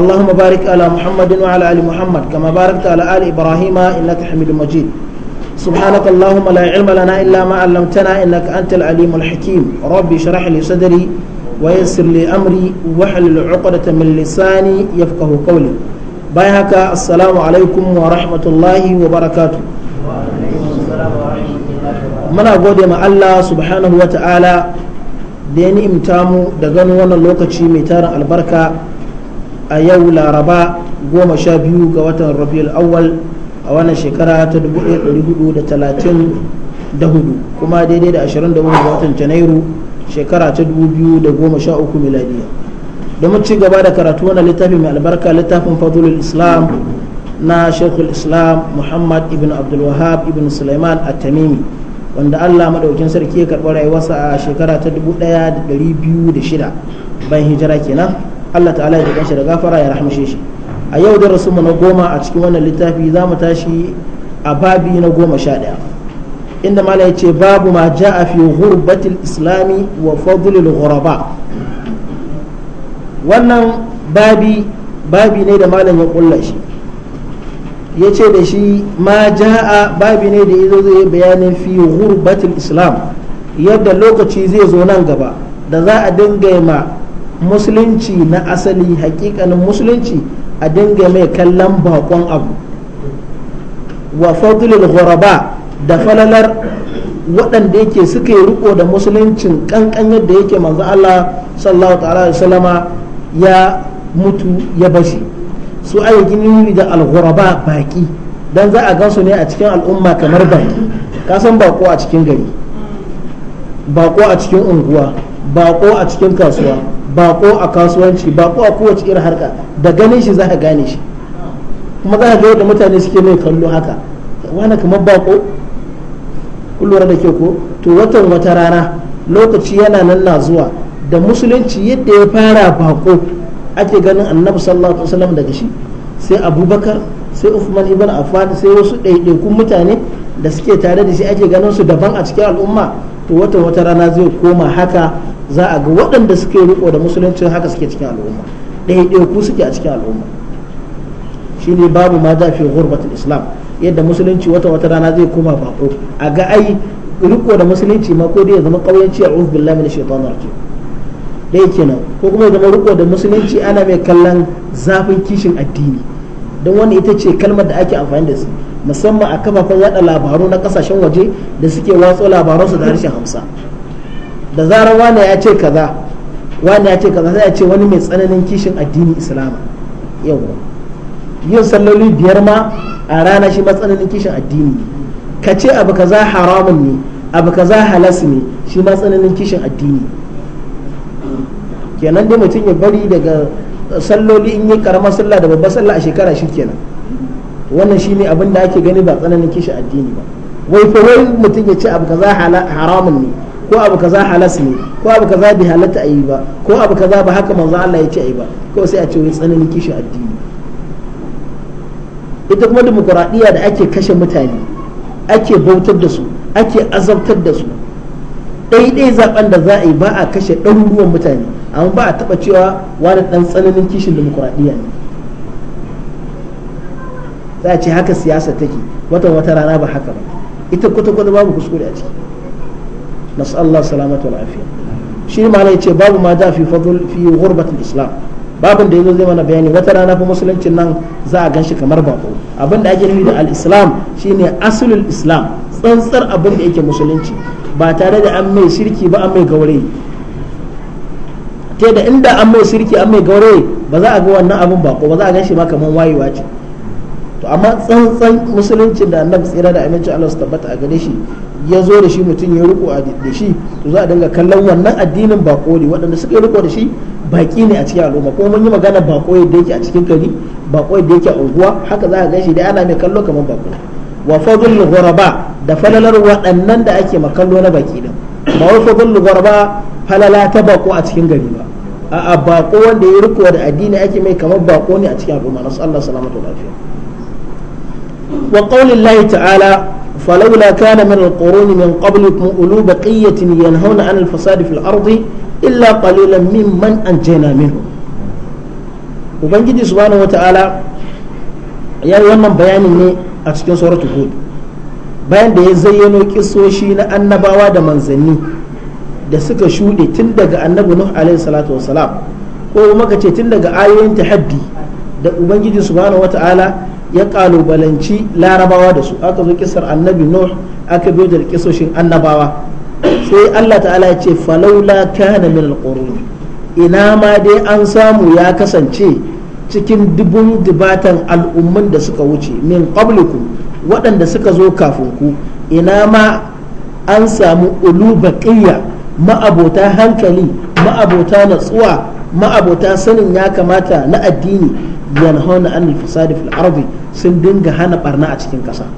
اللهم بارك على محمد وعلى آل محمد كما باركت على آل إبراهيم إنك حميد مجيد سبحانك اللهم لا علم لنا إلا ما علمتنا إنك أنت العليم الحكيم ربي اشرح لي صدري ويسر لي أمري واحلل عقدة من لساني يفقه قولي بايهك السلام عليكم ورحمة الله وبركاته muna gode ma Allah subhanahu wa ta'ala da ya ni'imta mu da ganin wannan lokaci mai tarin albarka a yau laraba goma sha biyu ga watan rabiul awwal a wannan shekara ta dubu da da talatin hudu kuma daidai da ashirin 23 ga watan janairu shekara ta dubu biyu da goma sha 2013 miladiya domin ci gaba da karatu wannan littafi mai albarka littafin fadlul islam na shekul islam muhammad ibn abdulwahab ibn sulaiman a tamimi wanda allah madaukin sarki ya karɓi rayuwarsa a shekara ta dubu da da biyu shida bayan hijira kenan Allah ta'ala ya kanshi da gafara ya rahmashe shi a yau da rasu na goma a cikin wannan littafi za mu tashi a babi na goma sha ɗaya inda mala ya ce babu ma ja a fi ghurbatil islami wa fadlil ghuraba wannan babi babi ne da malam ya kulla shi ya ce da shi ma a babi ne da yazo zai bayanin fi ghurbatil islam yadda lokaci zai zo nan gaba da za a dinga ma musulunci na asali hakikanin musulunci a dinga mai kallon bakon abu wa fadlul ghuraba da falalar waɗanda yake suka yi riko da musuluncin kankan yadda yake manzo Allah sallallahu ta'ala alaihi wasallama ya mutu ya bashi su gini yuri da al-ghuraba baki dan za a gansu ne a cikin al'umma kamar baki ka san bako a cikin gari bako a cikin unguwa bako a cikin kasuwa bako a kasuwanci bako a kowace irin harka da ganin shi za ka gane shi kuma za ka ga yadda mutane suke mai kallo haka wani kamar bako kullum da ke ko to watan wata rana lokaci yana nan na zuwa da musulunci yadda ya fara bako ake ganin annabi sallallahu alaihi wasallam daga shi sai abubakar sai uthman ibn affan sai wasu ɗaiɗaikun mutane da suke tare da shi ake ganin su daban a cikin al'umma to watan wata rana zai koma haka za a ga waɗanda suke riko da musulunci haka suke cikin al'umma ɗaya ɗaya ku suke a cikin al'umma shine babu ma za fi ghurbatul islam yadda musulunci wata wata rana zai koma bako a ga ai riko da musulunci ma ko dai ya zama kauyanci a uf billahi minash shaitanir rajim ɗaya kenan ko kuma ya zama riko da musulunci ana mai kallon zafin kishin addini don wani ita ce kalmar da ake amfani da su musamman a kafafen yada labaru na kasashen waje da suke watsa labaransu da harshen hamsa. da zarar wani ya ce kaza wani ya ce kaza sai ya ce wani mai tsananin kishin addini islama yau yin salloli biyar ma a rana shi matsananin kishin addini ne ka ce abu kaza haramun ne abu kaza halas ne shi matsananin kishin addini kenan dai mutum ya bari daga salloli in yi karama sallah da babbar sallah a shekara shi kenan wannan shi ne abin da ake gani ba tsananin kishin addini ba wai fa wai mutum ya ce abu kaza haramun ne ko abu kaza halas ne ko abu kaza bai halatta a ba ko abu kaza ba haka manzo Allah ya ce a yi ba ko sai a ce wai tsananin kishin addini ita kuma demokuraɗiyya da ake kashe mutane ake bautar da su ake azabtar da su ɗaiɗai zaben da za a yi ba a kashe ɗaruruwan mutane amma ba a taɓa cewa wani ɗan tsananin kishin demokuraɗiyya ne za a ce haka siyasa take watan wata rana ba haka ba ita kwata-kwata babu kuskure a ciki نسأل الله السلامة shi ma ne ce babu ma da fi fadul fi غربة islam babin da yazo zai mana bayani wata rana fa musuluncin nan za a ganshi kamar bako abin da ake nufi da al-islam shine asulul islam tsantsar abin da yake musulunci ba tare da an mai shirki ba an mai gaure ta da inda an mai shirki an mai gaure ba za a ga wannan abin bako ba za a ganshi ma kamar wayewa ce to amma tsantsan musulunci da annabi tsira da aminci Allah su tabbata a gare shi ya zo da shi mutum ya a da shi to za a dinga kallon wannan addinin bako ne waɗanda suka yi riko da shi baki ne a cikin al'umma kuma mun yi magana bako yadda yake a cikin gari bako yadda yake a unguwa haka za a gan shi dai ana mai kallo kamar bako wa fadlul ghuraba da falalar waɗannan da ake makallo na baki din ba wa fadlul ghuraba falala ta bako a cikin gari ba a'a bako wanda ya riko da addini ake mai kamar bako ne a cikin al'umma nasu Allah salamatu lafiya وقول الله تعالى فلولا كان من القرون من قبلكم أولو بقية ينهون عن الفساد في الأرض إلا قليلا ممن أنجينا منهم وبنجي سبحانه وتعالى ya yi wannan bayanin ne a cikin suratul bayan da ya zayyano kisoshi na annabawa da manzanni da suka shuɗe tun daga annabi nuh alaihi salatu wasalam ko kuma ce tun daga ayoyin tahaddi da ubangiji subhanahu ta'ala. ya kalubalanci larabawa da su aka zo kisar annabi nuh aka biyo da kisoshin annabawa sai Allah ta'ala ya ce falaula kana min alqurun ina ma dai an samu ya kasance cikin dubun dubatan al'umman da suka wuce min qablikum waɗanda suka zo kafin ku ina ma an samu ulu ma ma'abota hankali ma'abota natsuwa ma'abota sanin ya kamata na addini yanhauna anil fasadi fil ardi sun dinga hana barna a cikin kasa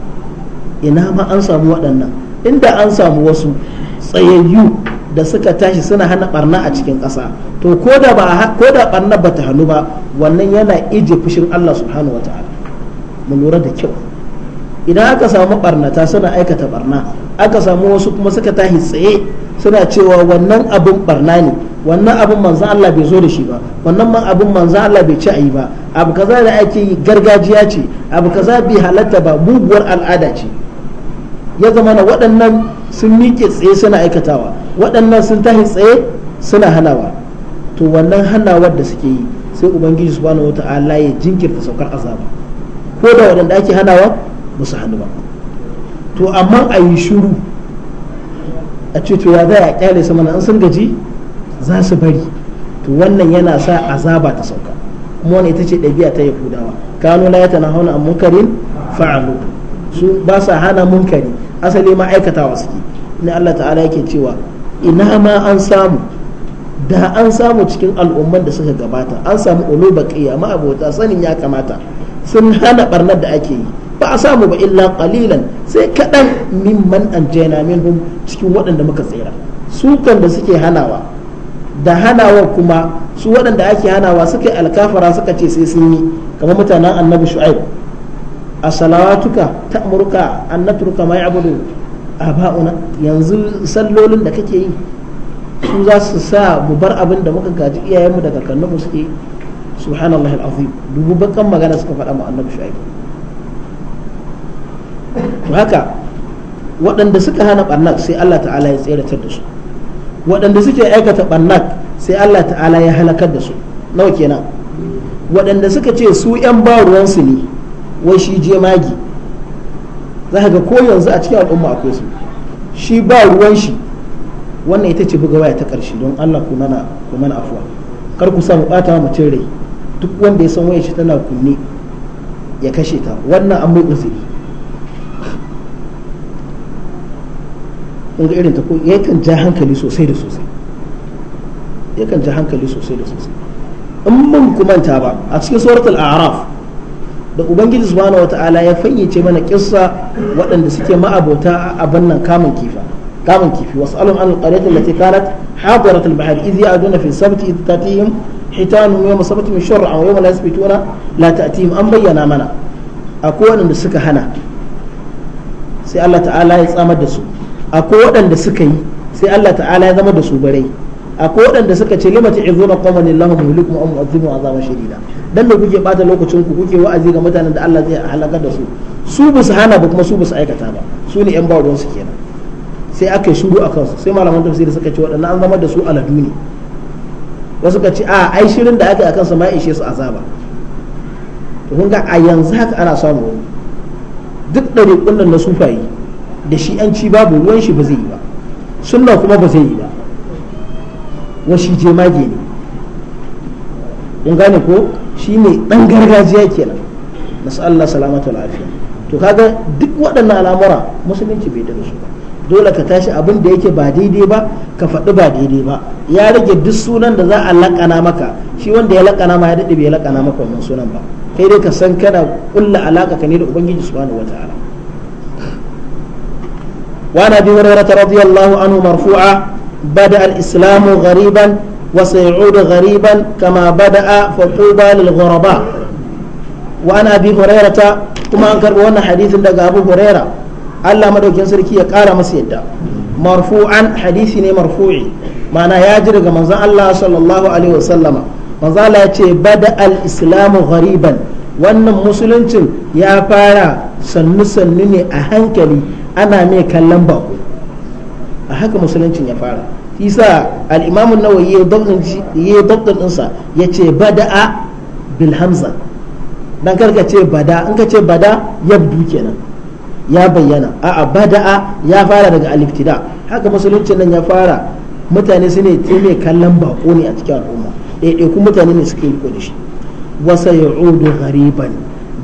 ina ma an samu waɗannan inda an samu wasu tsayayyu da suka tashi suna hana barna a cikin kasa to ko da ba barna bata hannu ba wannan yana ije fushin Allah subhanahu wataala mu lura da kyau idan aka samu barnata suna aikata barna aka samu wasu kuma suka tahi tsaye suna cewa wannan abin barna ne wannan abin manzan Allah bai zo da shi ba wannan man abin manzan Allah bai ci a yi ba abu kaza da ake yi gargajiya ce abu kaza bai halatta ba muguwar al'ada ce ya zama na waɗannan sun miƙe tsaye suna aikatawa waɗannan sun tahi tsaye suna hanawa to wannan hanawar da suke yi sai ubangiji subhanahu wata'ala ya jinkirta saukar azaba ko da waɗanda ake hanawa musu su hannu ba to amma a yi shuru a ce to ya za a kyale su mana an sun gaji za su bari to wannan yana sa azaba ta sauka kuma wani ita ce ɗabi'a ta yahudawa kanu la na hauna a munkarin fa'alu su ba sa hana munkari asali ma aikatawa suke ina Allah ta'ala yake cewa ina ma an samu da an samu cikin al'umman da suka gabata an samu ulu baqiya ma abota sanin ya kamata sun hana ɓarnar da ake yi ba a samu ba illa kalilan sai kaɗan an anjayna minhum cikin waɗanda muka tsira sukan da suke hanawa da hanawa kuma su waɗanda ake hanawa suka yi alkafara suka ce sai sun yi kamar mutanen annabi shu'aib a salawatuka ta amurka annaturka mai abudu a ba'una yanzu sallolin da kake yi su za su sa mu bar abin da muka gaji iyayenmu daga kannanmu suke subhanallahi al'azim dubu bakan magana suka faɗa mu annabi shu'aib haka waɗanda suka hana barnak sai Allah ta'ala ya tseratar da su waɗanda suke aikata barnak sai Allah ta'ala ya halakar da su nawa kenan waɗanda suka ce su 'yan ruwansu ne wai shi jemagi za ka ga ko yanzu a cikin al'umma akwai su shi ba ruwan shi wannan ita ce buga waya ta ƙarshe don Allah ku mana afuwa kar ku samu ɓata wa mutum rai duk wanda ya san waya shi tana kunne ya kashe ta wannan an mai uzuri kaga irin ta ko yakan ja hankali sosai da sosai yakan ja hankali sosai da sosai in mun kumanta ba a cikin suratul a'raf da ubangiji subhanahu wata'ala ya fayyace mana kissa waɗanda suke ma'abota abin nan kamun kifa kamun kifi was'alhum an al-qaryati allati kanat hadirat al-bahr idh ya'duna fi sabti idh tatihim hitanuhum yawma sabtihim shur'an wa yawma la yasbituna la ta'tihim an bayyana mana akwai waɗanda suka hana sai Allah ta'ala ya tsamar da su akwai waɗanda suka yi sai Allah ta'ala ya zama da su barai akwai waɗanda suka ce limati izuna qawman lahum muhlikum am azimu azaban shadida dan me kuke bata lokacin ku kuke wa'azi ga mutanen da Allah zai halaka da su su ba hana ba kuma su ba aikata ba su ne yan bawon su kenan sai aka yi shiru akan su sai malaman tafsiri suka ce waɗannan an zama da su aladu ne wasu ka ce a ai shirin da aka yi akan su ma ishe su azaba to kun ga a yanzu haka ana samu duk ɗari kullun na sufayi da shi yanci babu ruwan shi ba zai yi ba sunna kuma ba zai yi ba washi jemage ne in gane ko shi ne dan gargajiya kenan nasu Allah salamata lafiya to kaga duk waɗannan al'amura musulunci bai da su ba dole ka tashi abin da yake ba daidai ba ka faɗi ba daidai ba ya rage duk sunan da za a laƙana maka shi wanda ya laƙana ma ya daɗe bai laƙana maka wannan sunan ba kai dai ka san kana ƙulla alaƙa ka ne da ubangiji subhanahu wataala وعن أبي هريرة رضي الله عنه مرفوعا بدأ الإسلام غريبا وسيعود غريبا كما بدأ فطوبى للغرباء وعن أبي هريرة كما أنكر وانا حديث لك أبو هريرة Allah madaukin sarki ya ƙara masa yadda marfu'an hadisi ne marfu'i ma'ana ya ji daga manzon Allah sallallahu alaihi wasallama ya ce bada al-islamu ghariban wannan musuluncin ya fara sannu sannu ne a hankali ana mai kallon bako a haka musuluncin ya fara isa al'imamun nawa ya yi doktor ɗinsa ya ce bada'a a hamza don karka ce bada in ka ce bada yabdu kenan ya bayyana a'a bada'a ya fara daga aliftida haka musuluncin nan ya fara mutane su ne ta mai kallon bako ne a cikin al'umma kuma mutane ne suke yi kudi shi wasa ya gariban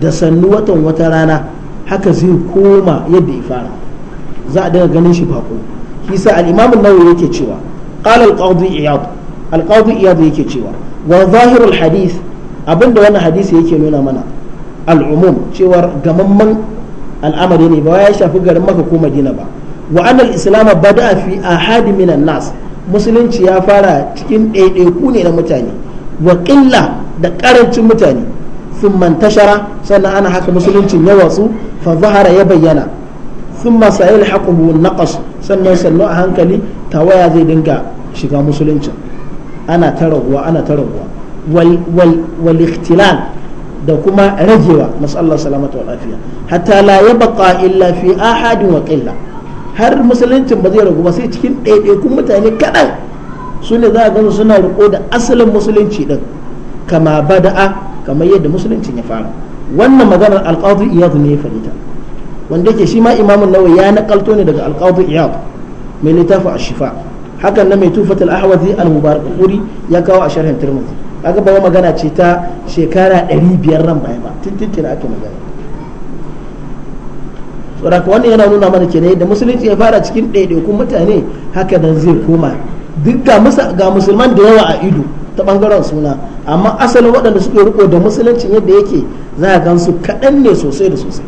da sannu watan wata rana haka zai koma yadda ya fara za a daga ganin shi bako shi sa al-imam an-nawawi yake cewa qala al-qadi iyad al-qadi iyad yake cewa wa zahir al-hadith abinda wannan hadisi yake nuna mana al-umum cewa gamamman al'amari ne ba ya shafi garin maka ko madina ba wa annal islam bada fi ahadi minan nas musulunci ya fara cikin ɗaiɗaiku ne na mutane wa da ƙarancin mutane ثم انتشر سنة أنا حق ya يوصو فظهر يبين ثم سائل حقه النقص سنة سنة هنكلي توايا زي دنكا شكا مسلم أنا ترغوا أنا ترغوا وال وال والاختلال da kuma ragewa masallar salamata wa lafiya hatta la ya baka illa fi ahadin wa har musuluncin ba zai ragu ba sai cikin ɗaiɗaikun mutane kaɗan su ne za a gano suna riko da asalin musulunci ɗin kama bada'a kamar yadda musulunci ya fara wannan maganar alqadi iyad ne ya wanda yake shi ma imamun nawa ya nakalto ne daga alqadi iyad mai littafi ashifa hakan na mai tufatul al'ahwazi al-mubarakuri ya kawo a sharhin tirmidhi kaga ba magana ce ta shekara 500 ran baya ba tintintin ake magana saboda wannan yana nuna mana kenan da musulunci ya fara cikin ɗaiɗaikun mutane haka nan zai koma duk ga musulman da yawa a ido ta bangaren suna amma asalin waɗanda suke riko da musuluncin yadda yake za a gansu kaɗan ne sosai da sosai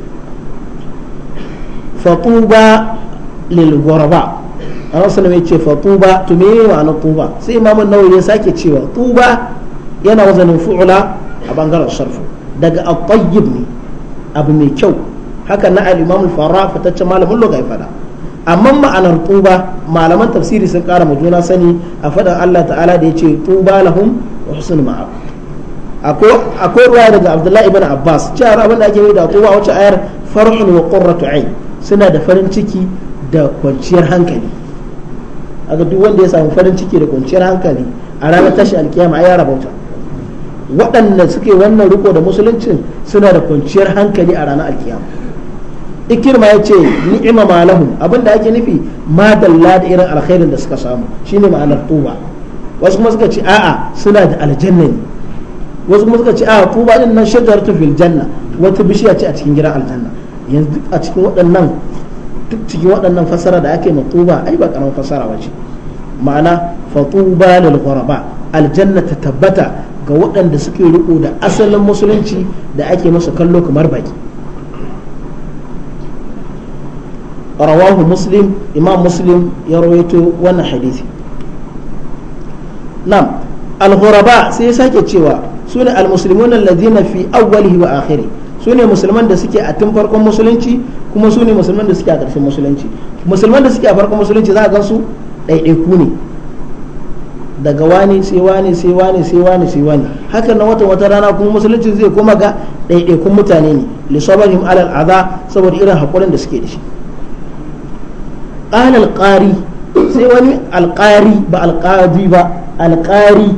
fatuba lil ghuraba Allah mai ce fatuba to me ma'anar tuba sai imamun nawa ya sake cewa tuba yana wazanin fu'ula a bangaren sharfu. daga at ne abu mai kyau haka na al'imamun faruwa fitaccen malamin logai fada amma ma'anar tuba malaman tafsiri sun kara ma juna sani a faɗin Allah ta'ala da ya ce tuba lahum wa husnul ma'ab akwai ruwa daga Abdullahi ibn Abbas cewa abin da ake yi da tuba wacce ayar farhun wa qurratu ain suna da farin ciki da kwanciyar hankali aga duk wanda ya samu farin ciki da kwanciyar hankali a ranar tashi alkiyama ya rabauta waɗanda suke wannan riko da musuluncin suna da kwanciyar hankali a ranar alkiyama ikirma ya ce ni'ima ma lahum abinda ake nufi ma dalla da irin alkhairin da suka samu shine ma'anar tuba wasu kuma suka ce a'a suna da aljanna ne wasu kuma suka ce a'a tuba din nan shajaratu fil janna wata bishiya ce a cikin gidan aljanna yanzu a cikin waɗannan duk cikin waɗannan fasara da ake ma tuba ai ba karamin fasara ba ce ma'ana fa tuba lil ghuraba aljanna ta tabbata ga waɗanda suke riko da asalin musulunci da ake masa kallo kamar baki rawahu muslim imam muslim ya rawaito wannan hadisi nam al-ghuraba sai ya sake cewa sune al-muslimuna alladhina fi awwalihi wa akhiri sune musulman da suke a tun farkon musulunci kuma sune musulman da suke a ƙarshen musulunci musulman da suke a farkon musulunci za a gan su ku ne daga wani sai wani sai wani sai wani sai wani hakan na wata wata rana kuma musulunci zai koma ga ɗaiɗaikun mutane ne lisabarhim alal adha saboda irin haƙurin da suke da shi qala alqari sai wani alqari ba alqadi ba alƙari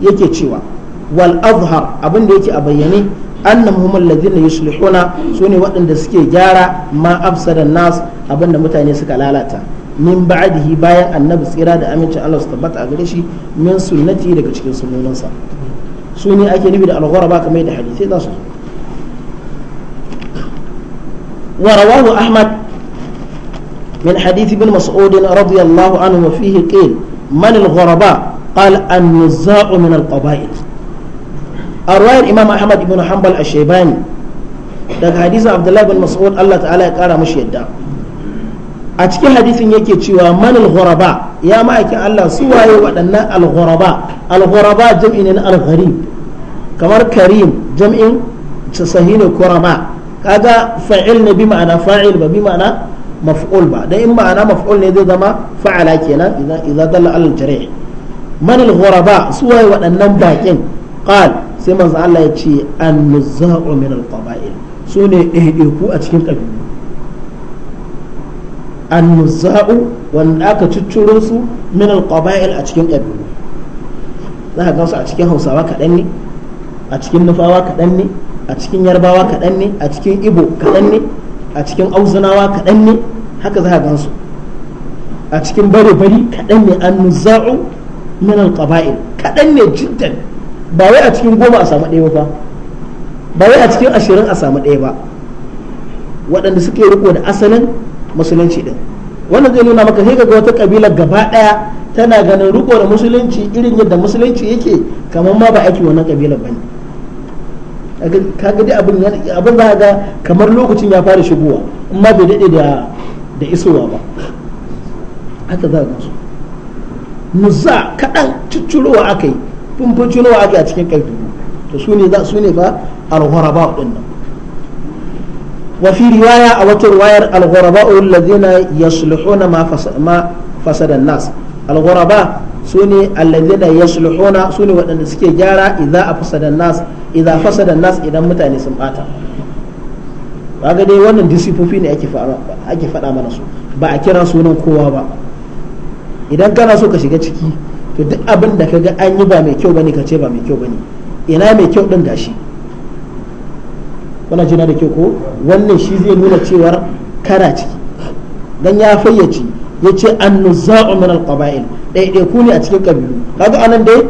yake cewa wal azhar abin da yake a bayyane annahum hum alladhina yuslihuna sune waɗanda suke gyara ma na nas abinda mutane suka lalata min ba'dihi bayan annabi tsira da amincin Allah su a gare shi min sunnati daga cikin sunnoninsa su ne ake nufi da al-ghuraba kamar da hadisi za su wa rawahu ahmad من حديث ابن مسعود رضي الله عنه وفيه قيل من الغرباء قال النزاع من القبائل الرواية الإمام أحمد بن حنبل الشيباني daga hadisin abdullahi bin mas'ud Allah ta'ala ya kara mashi yadda a cikin hadisin yake cewa man al-ghuraba ya ma'aikin Allah su waye waɗannan al-ghuraba al-ghuraba na al kamar karim jam'in sahihin kurama kaga fa'il na bi ma'ana fa'il ba bi ma'ana maf'ul ba dan in ma'ana maf'ul ne zai zama fa'ala kenan idan idan dalla alal tarihi man al ghuraba su waye waɗannan bakin qal sai manzo Allah ya ce an nuzza'u min al qaba'il sune ku a cikin kabilu an nuzza'u wanda aka cicciro su min al qaba'il a cikin kabilu za ka gansu a cikin Hausawa kaɗan ne a cikin Nufawa kaɗan ne a cikin Yarbawa kaɗan ne a cikin Ibo kaɗan ne a cikin Auzunawa kaɗan ne haka za a gansu a cikin bare-bari kaɗan ne an nuza'u min alƙaba'il kaɗan ne jiddan ba wai a cikin goma a samu ɗaya ba ba wai a cikin ashirin a samu ɗaya ba waɗanda suke riko da asalin musulunci ɗin wannan zai nuna maka sai ga wata ƙabila gaba ɗaya tana ganin riko da musulunci irin yadda musulunci yake kamar ma ba aiki wannan ƙabilar ba ne kaga dai abin za ga kamar lokacin ya fara shigowa amma bai daɗe da da isowa ba haka za ka su muza kaɗan ciccirowa aka yi fumfucinowa aka yi a cikin ƙarfi to su ne za su ne fa al-ghuraba din riwaya a wata riwayar al-ghuraba ya sulhu na ma fasada nas al-ghuraba su ne alladhina yaslihuna su ne waɗanda suke gyara idan a nas nas idan mutane sun bata kaga dai wannan disifofi ne ake faɗa mana su ba a kira sunan kowa ba idan kana so ka shiga ciki to duk abin da kaga an yi ba mai kyau bane ka ce ba mai kyau bane ina mai kyau din gashi kuna jina da kyau ko wannan shi zai nuna cewar kara ciki dan ya fayyace ya ce an nuza'u min al-qaba'il ɗaiɗaiku ne a cikin kabilu kaga anan dai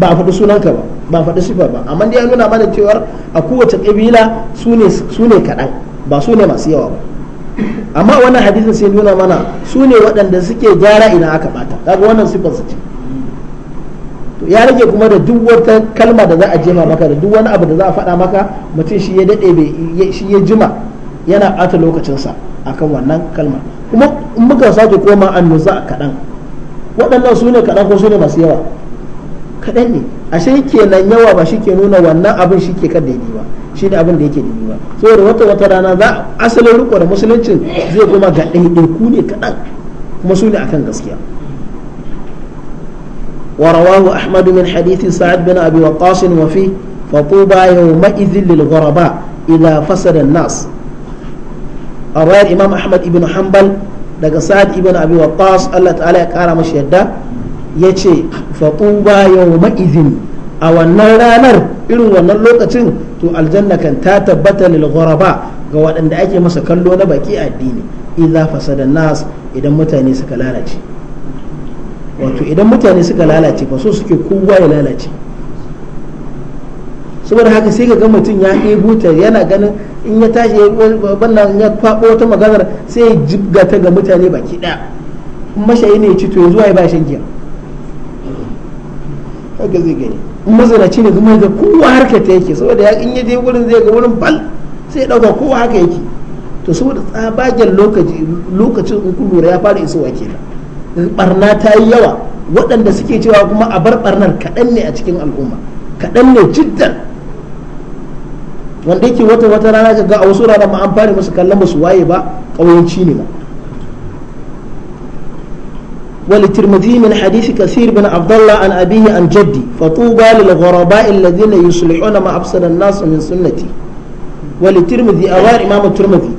ba a faɗi sunanka ba ba faɗi sifa ba amma dai ya nuna mana cewar a kowace ƙabila su ne kaɗan ba su ne masu yawa ba amma wannan hadisin sai nuna mana su ne waɗanda suke gyara idan aka ɓata kaga wannan sifar su ce ya rage kuma da duk wata kalma da za a jima maka da duk wani abu da za a faɗa maka mutum shi ya daɗe shi ya jima yana ɓata lokacinsa akan wannan kalma kuma in muka sake koma annusa kaɗan waɗannan su ne kaɗan ko su ne masu yawa kaɗan ne ashe kenan yawa ba shi ke nuna wannan abin shi ke kan daidai ba shi ne abin da yake daidai ba saboda wata wata rana za asalin riko da musuluncin zai koma ga ɗaiɗaiku ne kaɗan kuma su ne akan gaskiya ورواه أحمد من حديث سعد بن أبي وقاص وفيه فطوبى يومئذ للغرباء إذا فسد الناس الرواية الإمام أحمد بن حنبل لقى سعد بن أبي وقاص الله تعالى mashi مشهدا ya ce faɓuba yau ma'izin a wannan ranar irin wannan lokacin to aljanna kan ta tabbata lil ghuraba ga waɗanda ake masa kallo na baki addini idza fasada nas idan mutane suka lalace wato idan mutane suka lalace fa so suke kowa ya lalace saboda haka sai ka ga mutum ya ɗebo ta yana ganin in ya tashi wannan ya kwaɓo wata maganar sai ya jibga ta ga mutane baki ɗaya mashayi ne ya ci to ya zuwa ya ba shan giya kaga zai gani in mazanaci ne kuma da kowa harka ta yake saboda ya in ya je wurin zai ga wurin bal sai ya dauka kowa haka yake to saboda tsabagen lokaci lokacin in lura ya fara isowa kenan barna ta yi yawa waɗanda suke cewa kuma a bar barnar kaɗan ne a cikin al'umma kaɗan ne jiddan wanda yake wata wata rana ga a wasu rana ma an fara musu kallon ba su waye ba ƙauyanci ne ba ولترمذي من حديث كثير بن عبد الله عن أبيه عن جدي فطوبى للغرباء الذين يصلحون ما أفسد الناس من سنتي ولترمذي أوار إمام الترمذي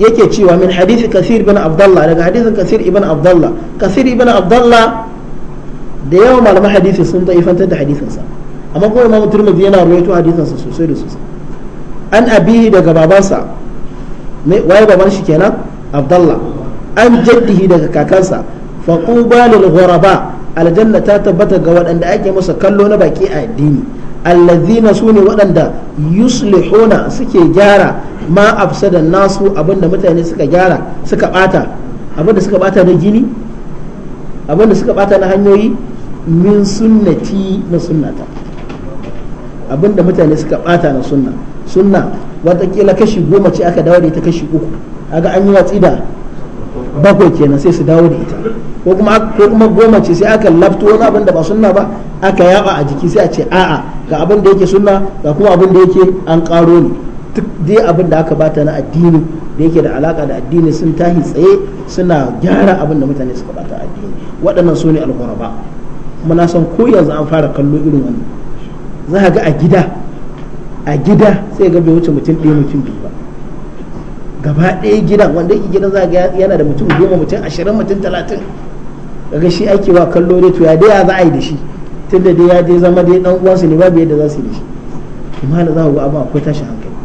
yake cewa min hadisi kasir bin abdullah daga hadisin kasir ibn abdullah kasir ibn abdullah da yawan malaman hadisi sun daifantar da hadisinsa amma kuma imam turmudi yana ruwaito hadisinsa sosai da sosai an abihi daga babansa waye baban shi kenan abdullah an jaddihi daga kakansa faquba lil ghuraba aljanna ta tabbata ga waɗanda ake masa kallo na baki a addini allazina sune waɗanda yuslihuna suke gyara ma afsada nasu abinda mutane suka gyara suka bata abinda suka bata na gini abinda suka bata na hanyoyi min sunnati na sunnata abinda mutane suka bata na sunna sunna watakila kashi goma ce aka dawo da ita kashi uku aga an yi watsi da bakwai kenan sai su dawo da ita ko kuma goma ce sai aka lafto wani abin da ba sunna ba aka yaba a jiki sai a ce a'a ga abin da yake sunna ga kuma abin da yake an karo ne duk dai abin aka bata na addini da yake da alaka da addini sun tahi tsaye suna gyara abinda da mutane suka bata addini waɗannan su ne alghuraba kuma na ko yanzu an fara kallo irin wannan za ga a gida a gida sai ga bai wuce mutum ɗaya mutum biyu gaba ɗaya gidan wanda yake gidan za ga yana da mutum goma mutum ashirin mutum talatin daga shi ake wa kallo dai to ya dai za a yi da shi tunda dai ya dai zama dai dan uwansu ne babu yadda za su yi da shi kuma da za ku ga abin akwai tashin hankali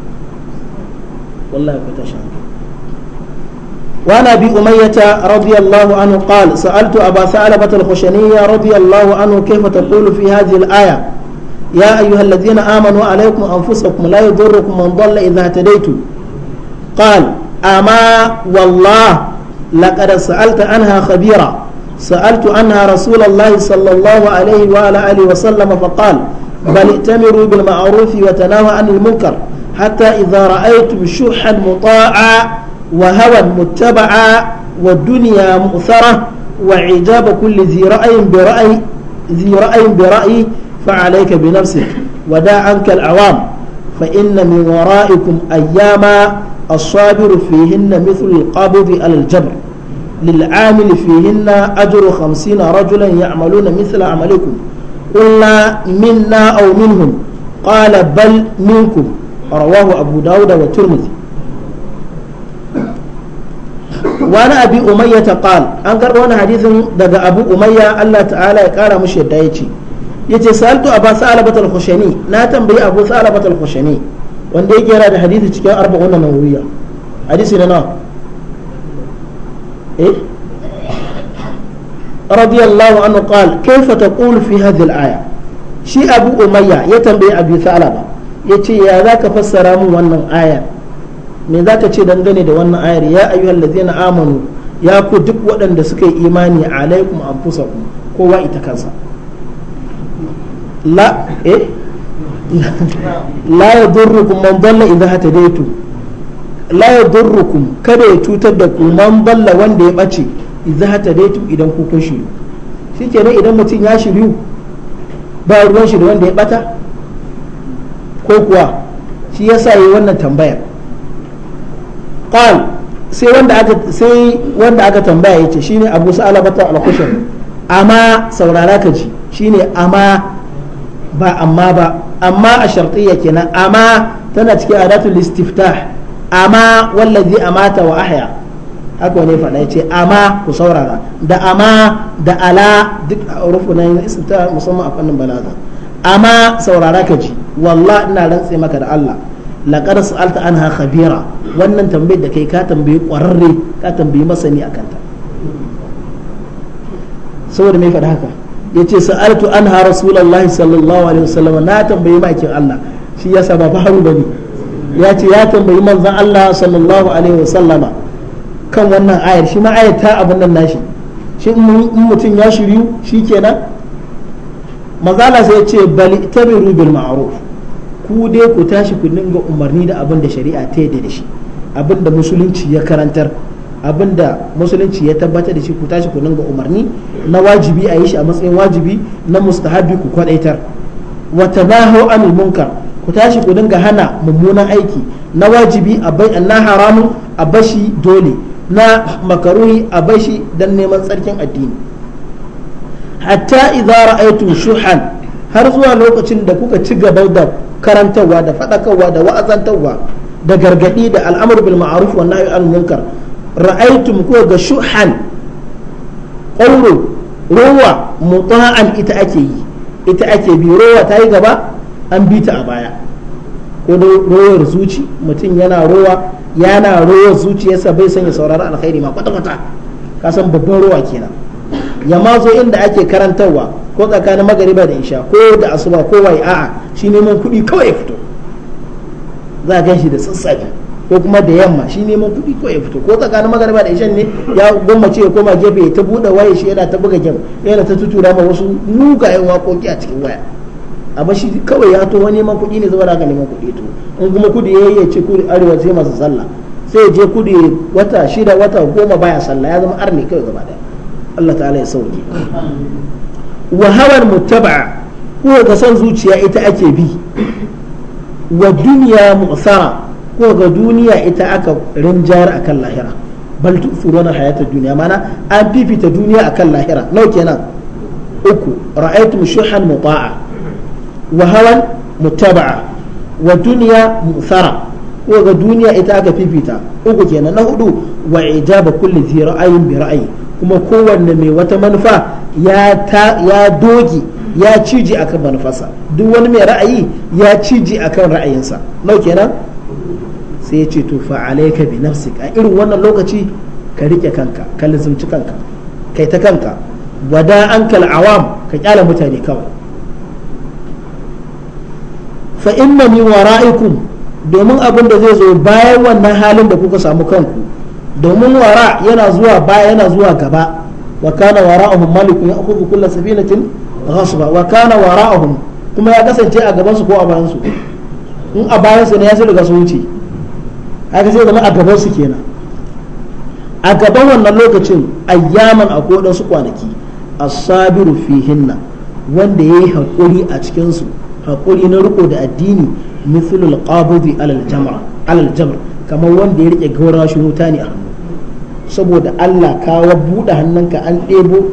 wallahi akwai tashin hankali وعن ابي اميه رضي الله عنه قال سالت ابا ثعلبه الخشني رضي الله عنه كيف تقول في هذه الايه يا ايها الذين امنوا عليكم انفسكم لا يضركم من ضل اذا اهتديتم قال أما والله لقد سألت عنها خبيرا سألت عنها رسول الله صلى الله عليه وعلى آله وسلم فقال بل ائتمروا بالمعروف وتناهوا عن المنكر حتى إذا رأيتم شحا مطاعا وهوى متبعا والدنيا مؤثرة وعجاب كل ذي رأي برأي ذي رأي برأي فعليك بنفسك ودع عنك العوام فإن من ورائكم أياما الصابر فيهن مثل القابض على الجبر للعامل فيهن أجر خمسين رجلا يعملون مثل عملكم قلنا منا أو منهم قال بل منكم رواه أبو داود والترمذي وانا أبي أمية قال أنكر وانا حديث دقى أبو أمية الله تعالى قال مش يتي سألت أبا ثعلبة الخشني ناتم بي أبو ثعلبة الخشني wanda yake yana da hadisi cikin arba'una wuya hadisi na nawa eh radiyallahu anhu qala kayfa taqulu fi hadhihi al-aya shi abu umayya ya tambayi abi salama yace ya zaka fassara mu wannan ayar me zaka ce dangane da wannan ayar ya ayyuhallazina amanu ya ku duk waɗanda suka yi imani alaikum anfusakum kowa ita kansa la eh la yadurrukum man dalla idza hatadaytu la yadurrukum kada ya cutar da ku man dalla wanda ya bace idza hatadaytu idan ku kun shiru shikenan idan mutum ya shiru ba ruwan shi da wanda ya bata ko kuwa shi yasa yi wannan tambaya qal sai wanda aka sai wanda aka tambaya yace shine Abu Sa'alabata al-Khushani amma saurara ka ji shine amma ba amma ba amma a shartiyya kenan amma tana cikin adatul istiftah amma wallazi amata wa ahya haka ne faɗa ce amma ku saurara da amma da ala duk rufunan istiftah musamman a fannin balaga amma saurara ka ji wallahi ina rantse maka da Allah laqad sa'alta anha khabira wannan tambayar da kai ka tambayi kwararre ka tambayi masani akan ta saboda me faɗa haka yace sa'altu anha rasulullahi sallallahu alaihi wasallam na tambayi bakin Allah shi sa ba faharu bane ya ce ya tambayi manzon Allah sallallahu alaihi wasallama kan wannan ayar shi ma ayar ta abin nan nashi shi in mutum ya shiryu shikenan mazala sai ya ce bali tabiru bil ma'ruf ku dai ku tashi ku dinga umarni da abin da shari'a ta yadda da shi abin da musulunci ya karantar abinda musulunci ya tabbatar da shi ku tashi ku ga umarni na wajibi a yi shi a matsayin wajibi na mustahabi ku kwadaitar wa tanahu anil munkar ku tashi ku dinga hana mummunan aiki na wajibi a bai na haramun a bashi dole na makaruhi a bashi dan neman tsarkin addini hatta idza ra'aytum shuhan har zuwa lokacin da kuka ci gaba da karantarwa da fadakarwa da wa'azantarwa da gargadi da al'amr bil ma'ruf wa nahy anil munkar ra'aitum ko ga shuhan ƙauro ruwa muta'an ita ake yi ita ake bi ruwa ta yi gaba an bi ta a baya ko da ruwar zuci mutum yana ruwa yana zuci zuciyarsa bai sanya saurari alkhairi ma kwata-kwata kasan babban ruwa kenan ya ma zo inda ake karantarwa ko tsakanin magariba da isha ko da asuba ko wai a'a shi neman kuɗi kawai fito za a gan shi da sassafe ko kuma da yamma shi neman kuɗi ko ya fito ko tsakanin magariba da ishan ne ya ce ya koma gefe ta buɗe waya shi yana ta buga gem yana ta tutura ma wasu mugayen waƙoƙi a cikin waya amma shi kawai ya to neman kuɗi ne zama ka neman kuɗi to in kuma kuɗi ya yi ce kuɗi arewa sai masu sallah sai ya je kuɗi wata shida wata goma baya sallah ya zama arne kawai gaba ɗaya Allah ta'ala ya sauke wa hawar muttaba'a ko ka san zuciya ita ake bi wa duniya mu'sara ko ga duniya ita aka rinjayar akan lahira bal tu'thiruna hayata duniya mana an fifita duniya akan lahira nau kenan uku ra'aytum shuhan muta'a wa hawan mutaba'a wa duniya mu'thara ko ga duniya ita aka fifita uku kenan na hudu wa ijaba kulli dhi ra'ayin bi ra'ayi kuma kowanne mai wata manufa ya ta ya dogi ya ciji akan manufarsa duk wani mai ra'ayi ya ciji akan ra'ayinsa nau kenan sai ya ce to fa alayka bi nafsik a irin wannan lokaci ka rike kanka ka lizumci kanka kai ta kanka wada an kal awam ka kyala mutane kawai fa inna min wara'ikum domin abin da zai zo bayan wannan halin da kuka samu kanku domin wara yana zuwa baya yana zuwa gaba wa kana wara'uhum malikun ya'khudhu kull safinatin ghasba wa kana wara'uhum kuma ya kasance a gaban su ko a bayan su in a bayan su ne ya riga su wuce haka zai zama a gaban su kenan a gaban wannan lokacin ayyaman a su kwanaki asabiru fihinna wanda ya yi haƙuri a cikinsu haƙuri na riko da addini mithlul qabdi alal jam'a kamar wanda ya rike gaura shi wuta ne a hannu saboda Allah ka buɗe hannunka an ɗebo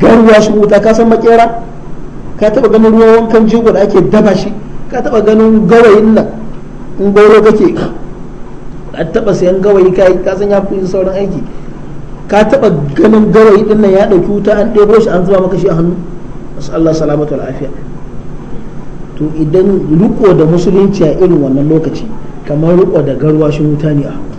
garwa shi wuta ka san makera ka taɓa ganin ruwan wankan jego da ake daba shi ka taɓa ganin gawayin nan in gauro kake a taba sayan gawayi kayi kasan ya fi sauran aiki ka taɓa ganin gawayi din nan ya ɗauki wuta an ɗebo shi an zuba maka shi a hannu Allah salamatu lafiya to idan riko da musulunci a irin wannan lokaci kamar riko da garwashin wuta ne a hannu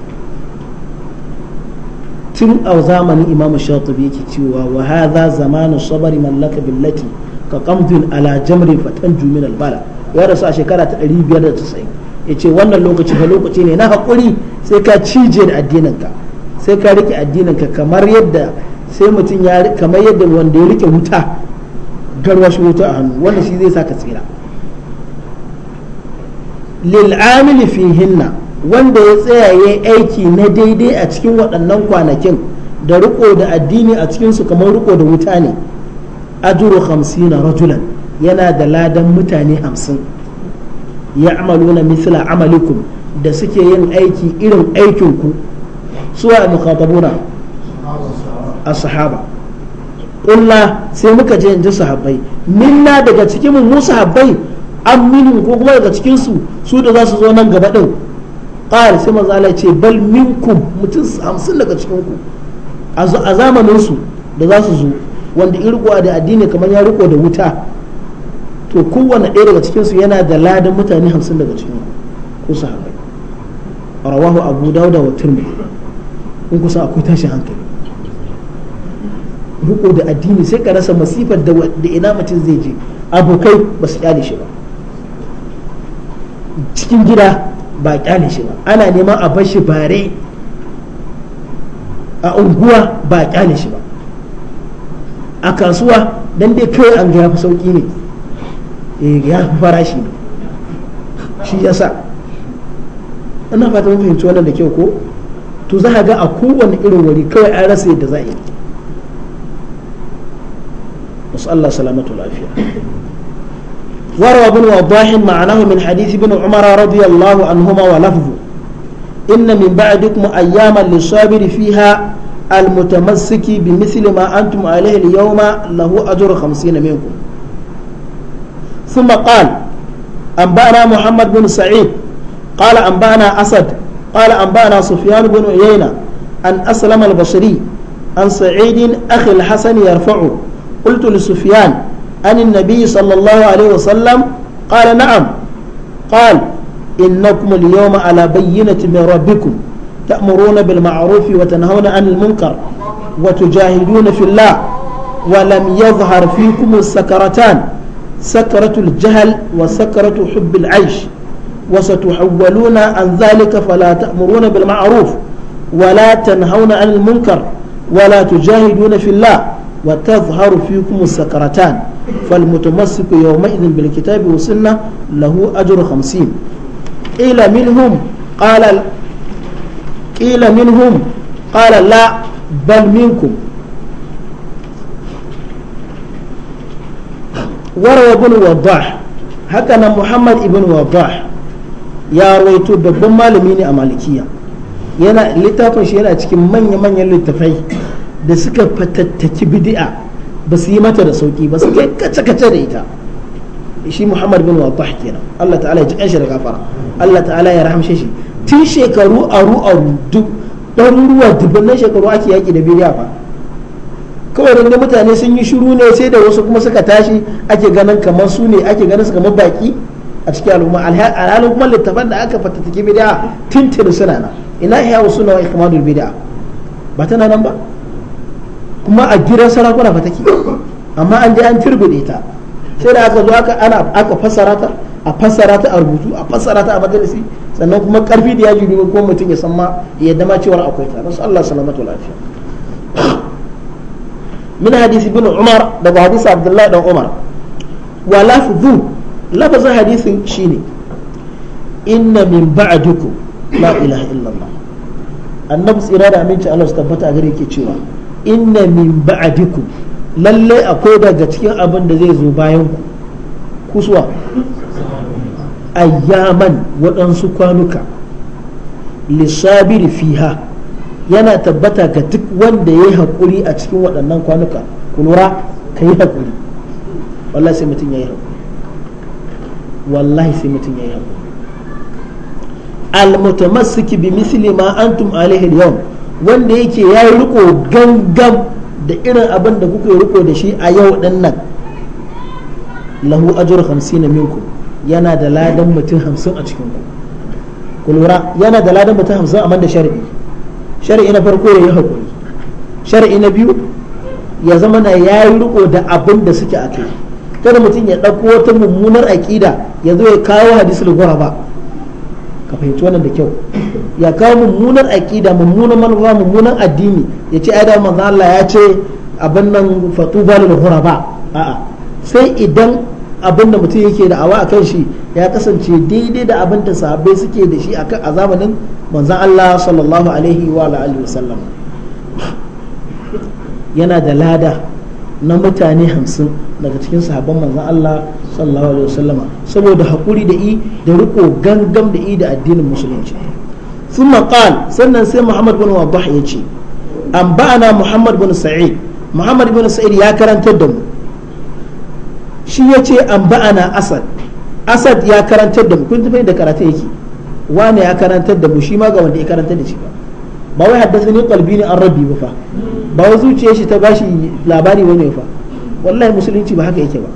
tun a zamanin imamu shatibi yake cewa wa hadha zamanu sabari mallaka billati ka qamdun ala jamrin fatan jumin albala ya rasu a shekara ta 590 ya ce wannan lokaci fa lokaci ne na haƙuri sai ka cije da addininka sai ka rike addininka kamar yadda sai mutum ya kamar yadda wanda ya rike wuta shi wuta a hannu wanda shi zai sa ka tsira lil'amili hinna wanda ya tsaya ya aiki na daidai a cikin waɗannan kwanakin da riko da addini a cikinsu kamar riko da wuta ne ajuru na rajulan yana da ladan mutane hamsin ya'maluna misla amalikum da suke yin aiki irin aikin ku suwa mukhatabuna a sahaba kulla sai muka je inji sahabbai minna daga cikin mu sahabbai an minin ko kuma daga cikin su su da za su zo nan gaba ɗin qal sai manzo Allah ce bal minkum mutum 50 daga cikin a zamaninsu da za su zo wanda irko da addini kamar ya riko da wuta to kowane ɗaya daga cikinsu yana da ladan mutane hamsin daga cikin ku sahabbai rawahu abu dauda wa turmi in kusa akwai tashin hankali riko da addini sai ka rasa masifar da ina mutum zai je abokai ba su kyale shi ba cikin gida ba kyale shi ba ana neman a bashi bare a unguwa ba kyale shi ba a kasuwa dan dai kai an ga yafi sauki ne Eh, ya fi farashi shi ya sa ana fata mun fahimci wannan da kyau ko to za a ga a kowane irin wuri kawai an rasa yadda za a yi wasu Allah salamatu lafiya وروى ابن وضاح معناه من حديث ابن عمر رضي الله عنهما ولفظه إن من بعدكم أياما للصابر فيها المتمسك بمثل ما أنتم عليه اليوم له أجر خمسين منكم ثم قال أنبأنا محمد بن سعيد قال أنبأنا أسد قال أنبأنا سفيان بن عيينة أن أسلم البصري عن سعيد أخي الحسن يرفعه قلت لسفيان عن النبي صلى الله عليه وسلم قال نعم قال إنكم اليوم على بينة من ربكم تأمرون بالمعروف وتنهون عن المنكر وتجاهدون في الله ولم يظهر فيكم السكرتان سكرة الجهل وسكرة حب العيش وستحولون عن ذلك فلا تأمرون بالمعروف ولا تنهون عن المنكر ولا تجاهدون في الله وتظهر فيكم السكرتان فالمتمسك يومئذ بالكتاب والسنة له أجر خمسين قيل منهم قال قيل منهم قال لا بل منكم Warwa bin wadah haka nan muhammad ibn wadah ya rawaito babban malami ne a malikiya yana littafin shi yana cikin manya-manyan littafai da suka fatattaki bidi'a ba su yi mata da sauki ba su kai kace-kace da ita shi muhammad bin wadah kenan allah ta'ala ya ji kanshi da gafara allah ta'ala ya rahamshe shi tun shekaru aru aru duk ruwa dubban shekaru ake yaki da bidi'a fa kawai ringa mutane sun yi shiru ne sai da wasu kuma suka tashi ake ganin kamar su ne ake ganin su kamar baki a cikin al'umma alhalin kuma littafan da aka fatattake bid'a tintin suna nan ina ya wasu na ikmadul bid'a ba tana nan ba kuma a gidan sarakuna ba take amma an je an turbide ta sai da aka zo aka ana aka fassara ta a fassara ta a rubutu a fassara ta a majalisi sannan kuma karfi da yaji domin kuma mutum ya san ma ya dama cewar akwai ta nasu Allah salamatu lafiya min hadisi bin umar daga hadisi abdullahi dan umar wa lafzu lafazin hadisin shine inna min ba'dikum la ilaha illallah annabi tsira da aminci Allah su tabbata gare yake cewa inna min ba'dikum lalle akwai daga cikin abin da zai zo bayan ku kusuwa man waɗansu kwanuka lissabiri fiha yana tabbata ga duk wanda ya yi haƙuri a cikin waɗannan kwanuka ku lura ka yi haƙuri wallahi sai mutum ya yi haƙuri wallahi sai mutum ya yi haƙuri almutamassiki bi misli ma antum alaihi yau wanda yake ya yi riko gangan da irin abin da kuka yi riko da shi a yau ɗin nan lahu ajur 50 minku yana da ladan mutum hamsin a cikin ku lura yana da ladan mutum hamsin man da sharadi shari'i na farko ya yi haƙuri shari'i na biyu ya zama na ya yi riko da abin da suke a kai kada mutum ya ɗauko wata mummunar aƙida ya zo ya kawo hadisul ba ka fahimci wannan da kyau ya kawo mummunar aƙida mummunan manufa mummunan addini ya ce ai da manzo Allah ya ce abin nan fatuba lil ghuraba a'a sai idan abin da mutum yake da awa a kan shi ya kasance daidai da abin da sahabbai suke da shi akan a zamanin manzan Allah sallallahu alaihi wa alihi wasallam yana da lada na mutane hamsin daga cikin sahabban manzan Allah sallallahu alaihi wasallam saboda hakuri da i da riko gangam da i da addinin musulunci ثم قال سنن سي محمد بن وضح يجي أنبأنا محمد بن سعيد محمد بن سعيد يا da mu. shi ya ce an ba'ana asad asad ya karantar da mu kun tafi da karatun yake wane ya karantar da mu shi ma ga wanda ya karantar da shi ba ba wai haddasa ni kalbi ne an rabbi ba fa ba wai zuciya shi ta bashi labari wani fa wallahi musulunci ba haka yake ba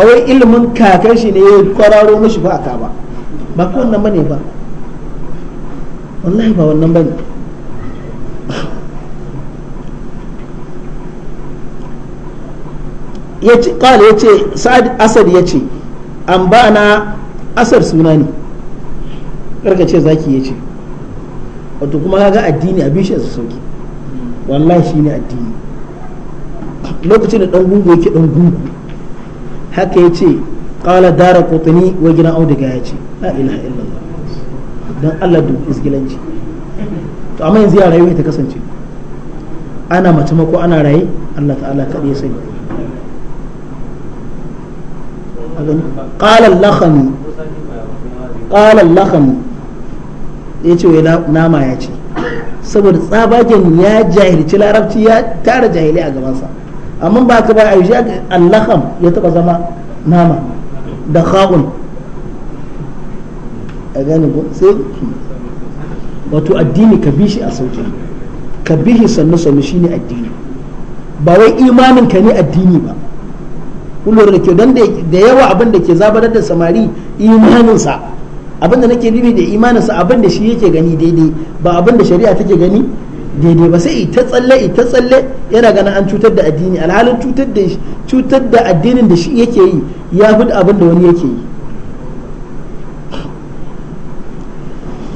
ba wai ilimin kakan shi ne ya kwararo mashi ba ka ba ba ko wannan bane ba wallahi ba wannan bane قال يتي yace sa'ad يتي yace an bana asar suna ne karka ce zaki yace wato kuma kaga addini abin shi sauki wallahi shine addini lokacin da dan gungu yake dan gungu haka yace qala dara qutni wa gina auduga yace ilaha illallah dan Allah duk to amma yanzu ya rayuwa ta kasance ana mace mako ana raye Allah ta'ala kaɗai sai qala al-lakhmi qala al yace wai nama ya ce saboda tsabagen ya jahilci larabci ya tara jahili a gabansa amma ba ka ba a allaham ya taba zama nama da kha'un a gane sai wato addini ka bi shi a sauki ka bi shi sannu sannu shine addini ba wai imanin ka ne addini ba kun da kyau don da yawa abin da ke zabarar da samari imaninsa abin da nake nufi da imaninsa abin da shi yake gani daidai ba abin da shari'a take gani daidai ba sai ita tsalle ita tsalle yana ganin an cutar da addini alhalin cutar da cutar da addinin da shi yake yi ya fi abin da wani yake yi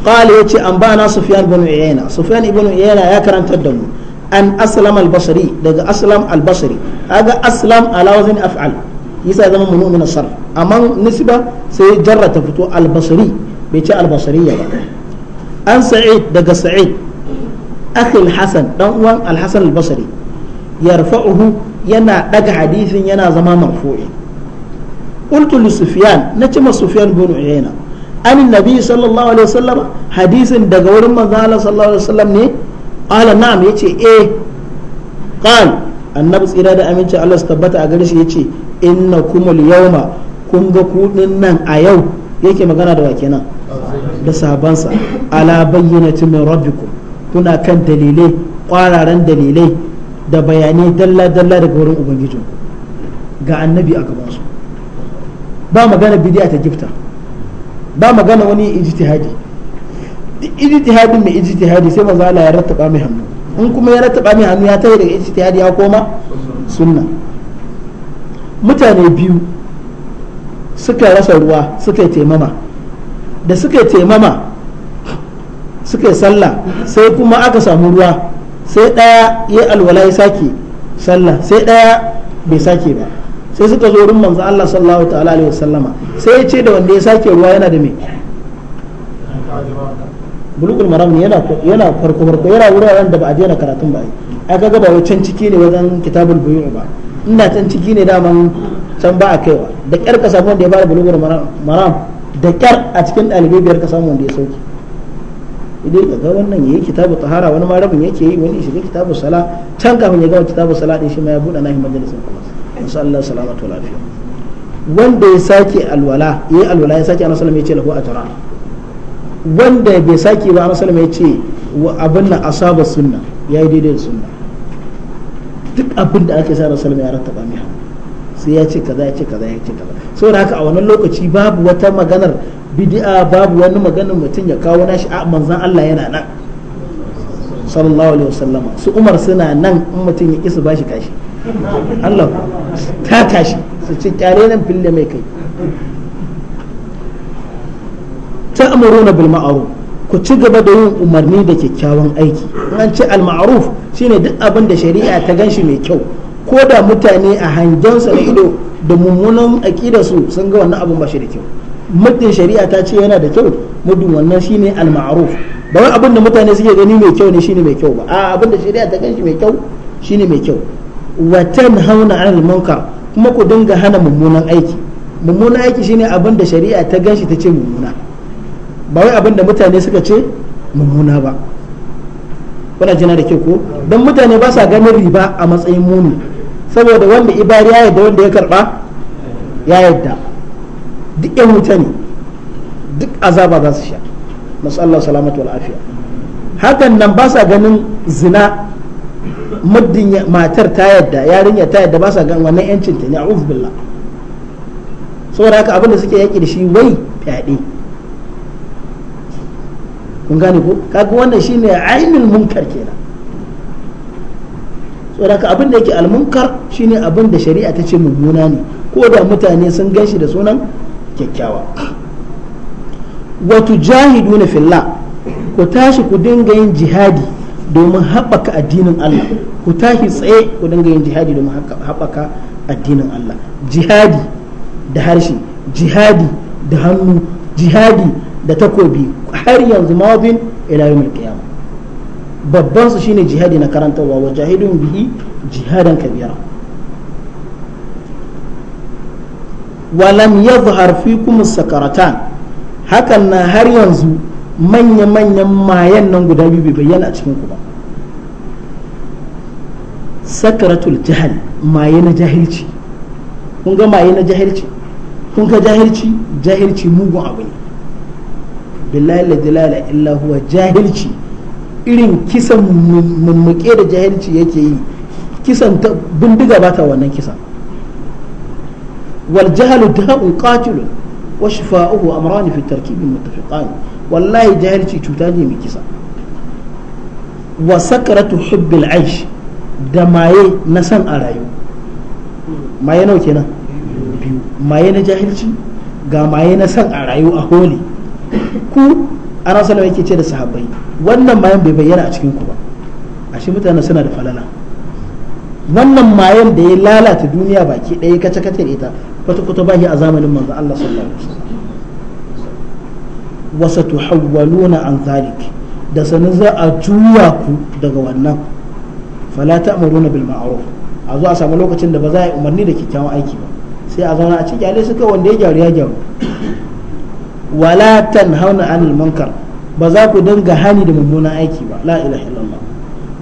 قال يتي أنبانا سفيان بن عيينة سفيان بن عيينة يا كرم تدمو أن أسلم البصري دق أسلم البصري kaga aslam ala wazin af'al yasa zama munu min asar amma nisba sai jarra ta fito albasari bai ce albasariya ba an sa'id daga sa'id akhi alhasan dan uwan alhasan albasari yarfa'uhu yana daga hadisin yana zama marfu'i qultu li sufyan nace ma sufyan bin uyayna an annabi sallallahu alaihi wasallam hadisin daga wurin manzo Allah sallallahu alaihi wasallam ne qala na'am yace eh qala annabi tsira da aminci Allah su tabbata a gare shi yace inna kumul yawma kun ga kudin nan a yau yake magana da wake nan da sabansa ala bayyanatin min rabbikum kuna kan dalilai kwararan dalilai da bayanai dalla dalla daga wurin ubangijin ga annabi a gaban su ba magana bidiya ta gifta ba magana wani ijtihadi duk ijtihadin mai ijtihadi sai manzo Allah ya rattaba mai hannu in kuma ya rataba mai hannu ya tayi daga ijtihadi ya koma sunna mutane biyu suka rasa ruwa suka yi taimama da suka yi taimama suka yi sallah sai kuma aka samu ruwa sai ɗaya ya alwala ya sake sallah sai ɗaya bai sake ba sai suka zo wurin manzo Allah sallallahu ta'ala alaihi wasallama sai ya ce da wanda ya sake ruwa yana da me bulugul maram ne yana yana farko farko yana wuraren da ba a daina karatun ba ai kaga ba can ciki ne wajen kitabul buyu ba ina can ciki ne daman can ba a kaiwa da kyar ka samu wanda ya bada bulugul maram da kyar a cikin dalibai biyar ka samu wanda ya sauki idan ka ga wannan yayi kitabu tahara wani ma rabin yake yi wani shiga kitabu sala can kafin ya gama kitabu sala din shi ma ya buɗe nahi majalisin kuma insha Allah salamatu lafiya wanda ya sake alwala yayi alwala ya sake annabi sallallahu alaihi wasallam ya ce lahu ajran wanda bai sake ba annabi ya ce abin nan asaba sunna ya yi daidai da sunna duk abin da ake sa annabi ya rattaba mai hannu sai ya ce kaza ya ce kaza ya ce kaza sau da haka a wannan lokaci babu wata maganar bid'a babu wani maganar mutum ya kawo nashi a manzan Allah yana nan sallallahu alaihi wasallama su umar suna nan in mutum ya isa bashi kashi Allah ta tashi su ce kyale nan fille mai kai ta'muruna bil ma'ruf ku ci gaba da yin umarni da kyakkyawan aiki an ce al ma'ruf shine duk abin da shari'a ta ganshi mai kyau ko da mutane a hangen na ido da mummunan aƙida su sun ga wannan abin ba shi da kyau muddin shari'a ta ce yana da kyau muddin wannan shine al ma'ruf ba wai abin da mutane suke gani mai kyau ne shine mai kyau ba a abin da shari'a ta ganshi mai kyau shine mai kyau wa tanhauna 'anil munkar kuma ku dinga hana mummunan aiki mummunan aiki shine abin da shari'a ta ganshi ta ce mummuna ba wai abin da mutane suka ce mummuna ba kuna jina da ke ko don mutane ba sa ganin riba a matsayin muni saboda wanda ibari ya yadda wanda ya karba ya yadda duk yan wuta duk azaba za su sha masu Allah salamatu wal hakan nan ba sa ganin zina muddin matar ta yadda yarinya ta yadda ba sa ganin wannan yancin ta ne a billah saboda haka abin da suke yaƙi da shi wai fyaɗe kun gane ko kaga wannan shine ainul munkar kenan tsoraka abin da yake almunkar shine abin da shari'a ta ce mummuna ne ko da mutane sun ganshi da sunan kyakkyawa wato jahidu na filla ku tashi ku dinga yin jihadi domin haɓaka addinin Allah ku tashi tsaye ku dinga yin jihadi domin haɓaka addinin Allah jihadi da harshe jihadi da hannu jihadi da takobi har yanzu madin ila yawmil babban su shine jihadi na karantarwa wa jahidun bihi jihadan kabira walam fi kuma sakaratan hakan na har yanzu manya-manyan mayan nan guda biyu bai bayyana a cikin ku ba sakaratul jahal maye na jahilci kun ga maye na jahilci kun jahilci jahilci mugun abu ne billahi la ilaha illa huwa jahilci irin kisan mummuke da jahilci yake yi kisan ta bindiga ba ta wannan kisan wal jahalu da'un qatil wa shifa'uhu amrani fi tarkibi muttafiqan wallahi jahilci cuta ne mai kisa wa sakaratu hubbil aish da maye na san a rayu maye nawa kenan biyu maye na jahilci ga maye na san a rayu a holi ku ana salama yake ce da sahabbai wannan mayan bai bayyana a cikin ku ba shi mutane suna da falala wannan mayan da ya lalata duniya baki ɗaya kace kace da ita kwata kwata ba a zamanin manzo Allah sallallahu alaihi wasallam wasa an zalik da sanin za a juya ku daga wannan fala ta'muruna bil ma'ruf a zo a samu lokacin da ba za a yi umarni da kyakkyawan aiki ba sai a zauna a ci kyale suka wanda ya gyaru ya gyaru wala tanhauna anil munkar ba za ku dinga hani da mummunan aiki ba la ilaha illallah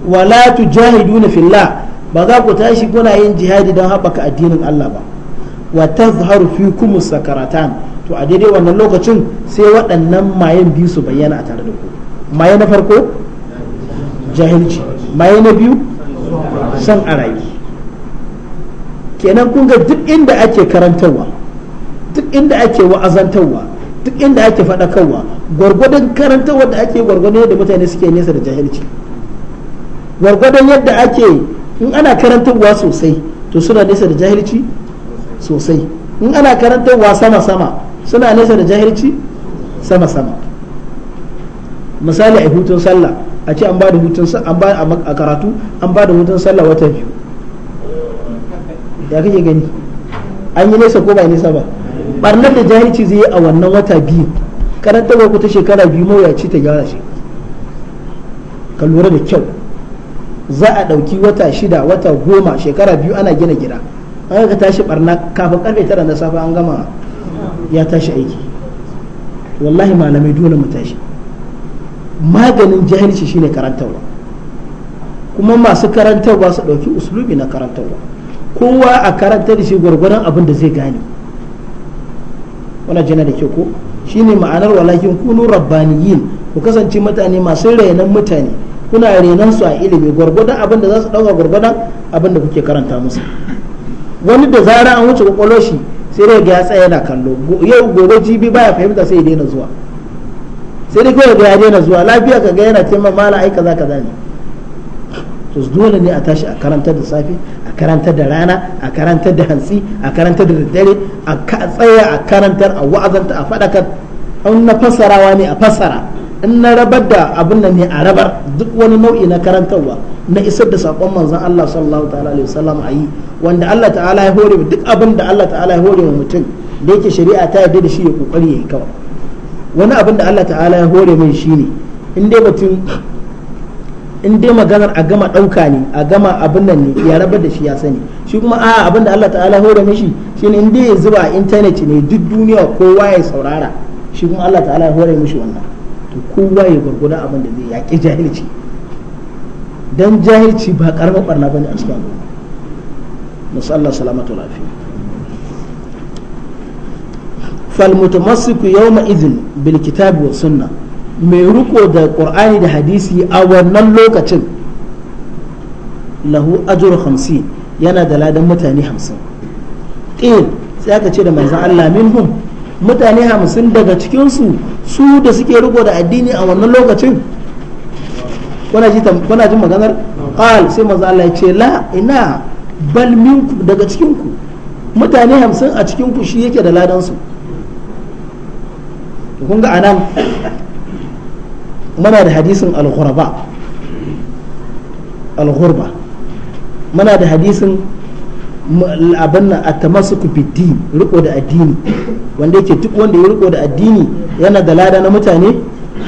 wala tujahiduna fillah ba za ku tashi kuna yin jihadi don haɓaka addinin Allah ba wa tazharu fikum sakaratan to a daidai wannan lokacin sai waɗannan mayan biyu su bayyana a tare da ku maye na farko jahilci maye na biyu san arayi kenan kun ga duk inda ake karantarwa duk inda ake wa'azantarwa duk inda ake faɗakarwa gwargwadon karanta wadda ake gwargwadon yadda mutane suke nesa da jahilci gwargwadon yadda ake in ana karantarwa sosai to suna nesa da jahilci sosai in ana karantarwa sama-sama suna nesa da jahilci sama-sama misali a hutun sallah a ce an ba da hutun a karatu an ba da hutun sallah wata biyu ya kake gani an yi nesa ko ba nesa ba barnar da jahilci zai yi a wannan wata biyu karanta ku kuta shekara biyu mawuyaci ta gyara shi ka lura da kyau za a ɗauki wata shida wata goma shekara biyu ana gina gida an ka tashi barna kafin karfe tara na safe an gama ya tashi aiki wallahi malamai dole mu tashi maganin jahilci shine karantarwa kuma masu karantarwa su ɗauki usulubi na karantarwa kowa a karantar da shi gwargwaron abin da zai gane wannan jina da ke ko shine ma'anar walakin kunu rabbaniyin ku kasance mutane masu renon mutane kuna renon su a ilimi gwargwadon abin da za su dauka gwargwadon abin da kuke karanta musu wani da zara an wuce kwakwalo shi sai dai ya tsaya yana kallo yau gobe jibi baya fahimta sai ya daina zuwa sai dai kawai ga ya daina zuwa lafiya ka ga yana taimaka mala aika kaza kaza ne to dole ne a tashi a karanta da safe karantar da rana a karantar da hantsi a karantar da daddare a tsaya a karantar a wa'azanta a faɗakar an na fassarawa ne a fassara in na rabar da abin nan ne a rabar duk wani nau'i na karantarwa na isar da sakon manzon Allah sallallahu ta'ala alaihi wasallam a yi wanda Allah ta'ala ya hore duk abin da Allah ta'ala ya hore wa mutum da yake shari'a ta yarda da shi ya kokari ya yi kawai wani abin da Allah ta'ala ya hore mai shine in dai mutum in dai maganar a gama ɗauka ne a gama abin nan ne ya rabar da shi ya sani shi kuma a abin da Allah ta'ala hore mishi shi ne in dai ya zuba a intanet ne duk duniya kowa ya saurara shi kuma Allah ta'ala hore mishi wannan to kowa ya gurguna abin da zai yaƙi jahilci dan jahilci ba karamar barna bane a cikin al'umma musallar salamatu lafiya bil kitabi wa sunnah mai riko da ƙur'ani da hadisi a wannan lokacin lahu ajur hamsin yana da ladan mutane hamsin ƙil sai aka ce da manzan Allah minhum mutane hamsin daga cikinsu su da suke riko da addini a wannan lokacin kuna jin maganar ƙal sai manzan Allah ya ce la ina bal minku daga cikinku mutane hamsin a cikinku shi yake da ladansu kun ga anan muna da hadisin al-ghurba al-ghurba muna da hadisin abin nan at-tamassuku riko da addini wanda yake duk wanda ya riko da addini yana da lada na mutane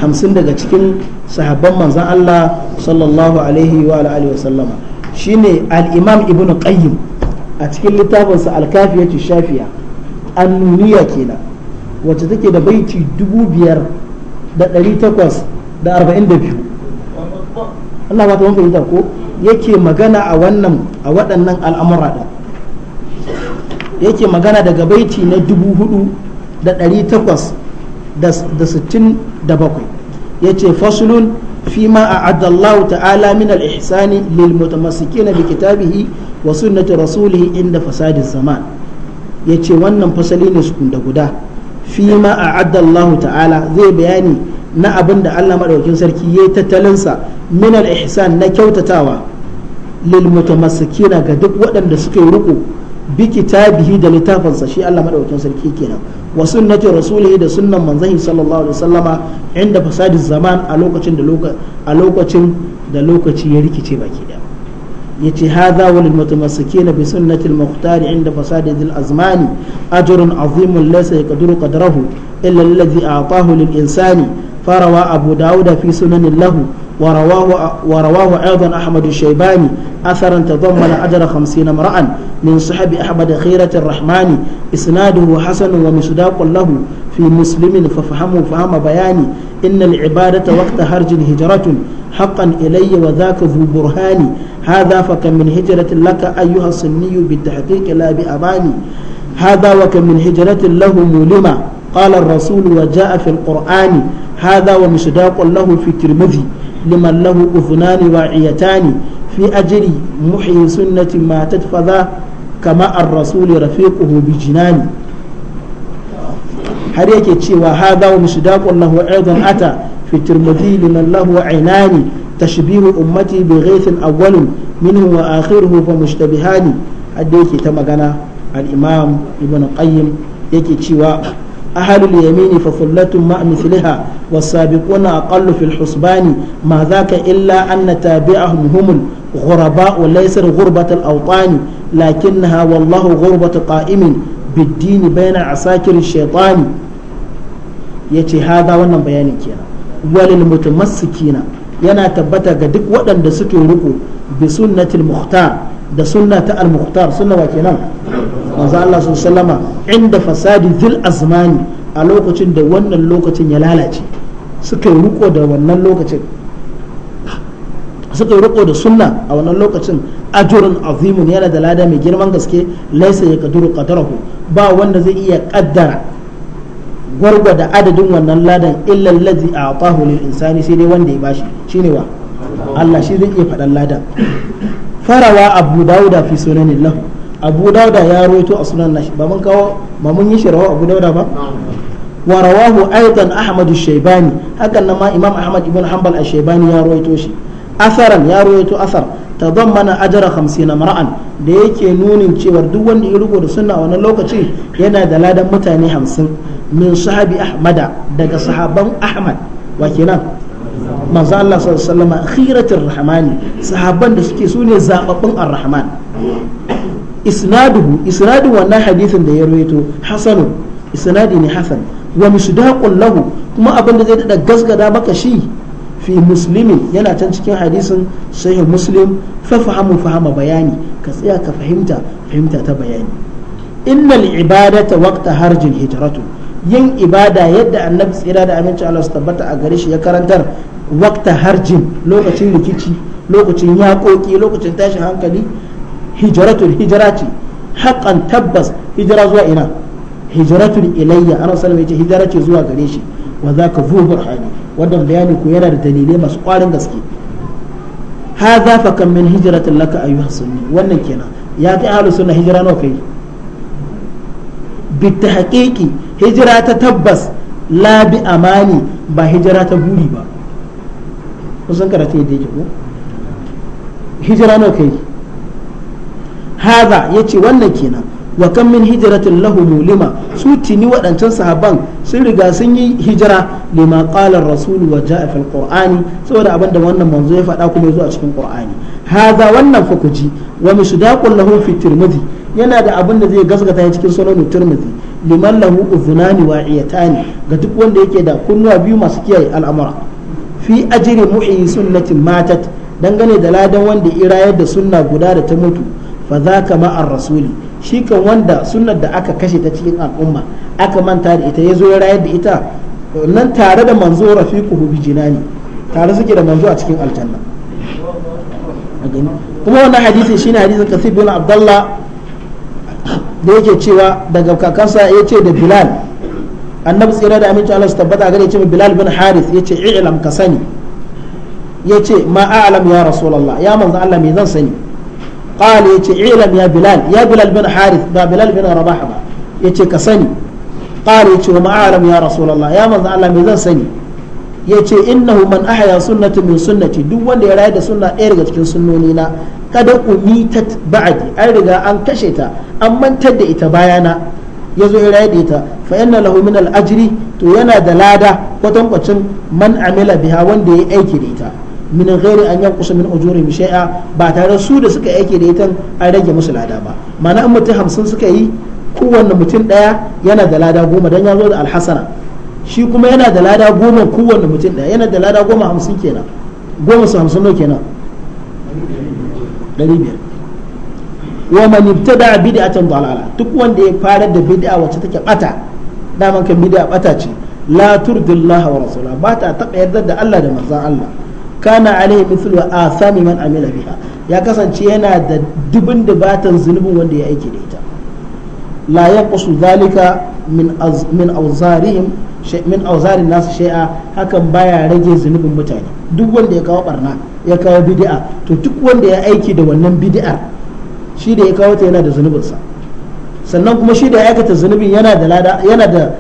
hamsin daga cikin sahabban manzon Allah sallallahu alaihi wa alihi wasallama shine al-imam ibnu qayyim a cikin littafinsa al-kafiyatu shafiya annuniya kenan wacce take da baiti dubu biyar da ɗari takwas da 42 ko yake magana a wannan a waɗannan al'amura da yake magana daga baiti na 4867 ya ce fasulun fi ma a adallahu ta'ala min al-ihsani lil mutamassikina bi kitabihi wa sunnati rasulihi inda fasadin zaman ya ce wannan fasali ne su guda fi ma a adallahu ta'ala zai bayani na abin da Allah maɗaukin sarki ya yi tattalinsa minar ihsan na kyautatawa lil mutamassikina ga duk waɗanda suka yi riko bi kitabihi da littafinsa shi Allah maɗaukin sarki kenan wa sunnati rasulihi da sunnan manzahi sallallahu alaihi wasallama inda fasadin zaman a lokacin da a lokacin da lokaci ya rikice baki daya yace hadha wal mutamassikina bi sunnati al-mukhtar inda fasadi al-azmani ajrun azimun laysa yaqdiru qadrahu illa alladhi a'tahu lil insani فروى أبو داود في سنن له ورواه, ورواه أيضا أحمد الشيباني أثرا تضمن أجر خمسين امرأ من صحب أحمد خيرة الرحمن إسناده حسن ومصداق له في مسلم ففهموا فهم بياني إن العبادة وقت هرج هجرة حقا إلي وذاك ذو برهان هذا فكم من هجرة لك أيها الصني بالتحقيق لا بأباني هذا وكم من هجرة له ملمة قال الرسول وجاء في القرآن هذا ومصداق له في الترمذي لمن له أذنان واعيتان في أجري محيي سنة ما تتفذى كما الرسول رفيقه بجنان har yake cewa hada wa musdaqun lahu aidan ata fi tirmidhi liman lahu aynani tashbihu ummati bi ghaythin awwalin minhu wa akhiruhu fa mushtabihani hadda yake ta magana al-imam ibn yake cewa أهل اليمين فثلة مع مثلها والسابقون أقل في الحسبان ما ذاك إلا أن تابعهم هم الغرباء وليس غربة الأوطان لكنها والله غربة قائم بالدين بين عساكر الشيطان يتي هذا وانا بياني كينا وللمتمسكين yana tabbata ga duk waɗanda suke riko bi sunnatil muhtar da sunna ta al muhtar sunna wa kenan manzo Allah sallama inda fasadi zil azmani a lokacin da wannan lokacin ya lalace suka yi riko da wannan lokacin suka yi riko da sunna a wannan lokacin ajurun azimun yana da lada mai girman gaske laisa ya kaduru qadarahu ba wanda zai iya kaddara gwargwada adadin wannan ladan illa allazi a'tahu lil insani sai dai wanda ya bashi shine wa Allah shi zai iya faɗan ladan farawa abu dauda fi sunanin lahu abu dauda ya rawaito a sunan nashi ba mun kawo ba mun yi shi rawa abu dauda ba wa rawahu aidan ahmad shaybani hakan nan ma imam ahmad ibn hanbal a shaybani ya rawaito shi asaran ya rawaito asar tadammana ajra 50 mar'an da yake nunin cewa duk wanda ya rubuta sunna a wannan lokaci yana da ladan mutane 50 min sahabi ahmada daga sahaban ahmad wa kenan manzo Allah sallallahu alaihi wasallam khiratir rahmani sahaban da suke sune zababbun arrahman isnaduhu isnadin wannan hadisin da ya rawaito hasanu isnadi ne hasan wa misdaqun lahu kuma abin da zai dada gasgada maka shi fi muslimi yana can cikin hadisin sahih muslim fa fahamu fahama bayani ka tsaya ka fahimta fahimta ta bayani innal ibadata waqta harjin hijratu yin ibada yadda annabi tsira da aminci Allah su tabbata a gare shi ya karantar waqta harjin lokacin rikici lokacin yaƙoƙi lokacin tashin hankali hijratul hijira ce haƙan tabbas hijira zuwa ina hijratul ilayya ana sallama yace hijira ce zuwa gare shi wa za zaka zu burhani wannan bayani ko yana da dalilai masu ƙwarin gaske hadha fa kan min hijratin laka ayu sunni wannan kenan ya kai ahlus sunna hijira nawa kai bitahqiqi hijira ta tabbas la bi amani ba hijira ta buri ba kusan karatu yadda yake ko hijira nawa kai haza ya ce wannan kenan wa kan min hijratin lahu mulima su tini waɗancan sahabban sun riga sun yi hijira lima qala rasul wa ja'a fil saboda abin da wannan manzo ya faɗa kuma a cikin qur'ani haza wannan fa ku ji wa misdaqul lahu fi tirmidhi yana da abin da zai gaskata ya cikin sunan tirmidhi liman lahu udhunani ne ga duk wanda yake da kunnuwa biyu masu kiyaye al'amura fi ajri mu'i sunnatin matat dangane da ladan wanda irayar da sunna guda da ta mutu fa za ka ma'ar rasuli shi kan wanda sunnar da aka kashe ta cikin al'umma aka manta da ita ya zo ya rayar da ita nan tare da manzo rafiquhu hubi jinani tare suke da manzo a cikin aljanna kuma wannan hadisi shine hadisin kasib bin abdullah da yake cewa daga kakansa ya ce da bilal annabi tsira da aminci Allah su tabbata gare ya ce bilal bin haris ya ce i'lam ka sani ya ce ma a'lam ya rasulallah ya manzo Allah me zan sani qala yace ilam ya bilal ya bilal bin harith ba bilal bin rabah ba yace ka sani qala yace wa ma'alam ya rasulullah ya manzo Allah me zan sani yace innahu man ahya sunnati min sunnati duk wanda ya rayu da sunna ɗaya daga cikin sunnoni na kada umitat ba'di an riga an kashe ta an mantar da ita bayana yazo ya rayu da ita fa inna lahu min al to yana da lada kwatankwacin man amila biha wanda ya aiki da ita min ghairi an yanqusu min ujurihim shay'a ba tare su da suka aike da ita an rage musu lada ba ma'ana in mutum hamsin suka yi kowanne mutum daya yana da lada goma dan ya zo da alhasana shi kuma yana da lada goma kowanne mutum daya yana da lada goma hamsin kenan goma su hamsin nawa kenan dari biyar wa man ibtada bid'atan dalala duk wanda ya fara da bid'a wacce take bata daman kan bid'a bata ce la turdillah wa rasulahu ba ta taɓa yarda da Allah da manzon Allah kana alaihi wa asami man amila biha ya kasance yana da dubin dubatan zunubin wanda ya aiki da ita la yanqusu zalika min min awzarihim min awzarin nasu shay'a hakan baya rage zunubin mutane duk wanda ya kawo barna ya kawo bid'a to duk wanda ya aiki da wannan bid'a shi da ya kawo ta yana da zunubin sa sannan kuma shi da ya aikata zunubin yana da lada yana da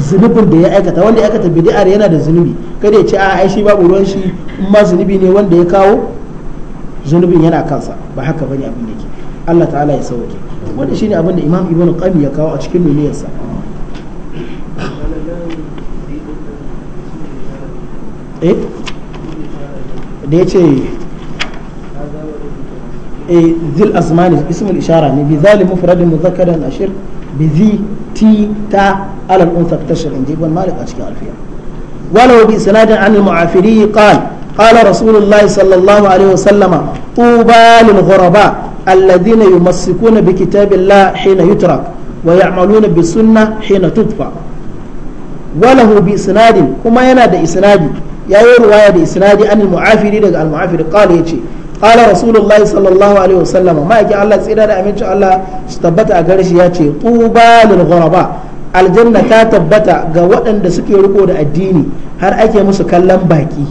zunubin da ya aikata wanda ya aikata bid'ar yana da zunubi kada ya ce a ai shi babu ruwan shi in ma zunubi ne wanda ya kawo zunubin yana kansa ba haka bane abin yake Allah ta'ala ya sauke wanda shine abin da Imam Ibn Qayyim ya kawo a cikin nuniyarsa eh da eh, zil ismul ishara ne bi zalim mufradin ashir bi zi ti ta alal unsa tashir inji ibn malik a cikin alfiya ولو بإسناد عن المعافري قال قال رسول الله صلى الله عليه وسلم طوبى للغرباء الذين يمسكون بكتاب الله حين يترك ويعملون بالسنة حين تدفع وله بإسناد كما ينادى إسنادي يا رواية بإسناد عن المعافري لقى المعافري قال يجي قال رسول الله صلى الله عليه وسلم ما يجي الله سيدنا أمين الله استبت أقرش ياتي طوبى للغرباء aljanna ta tabbata ga waɗanda suke riko da addini har ake musu kallon baki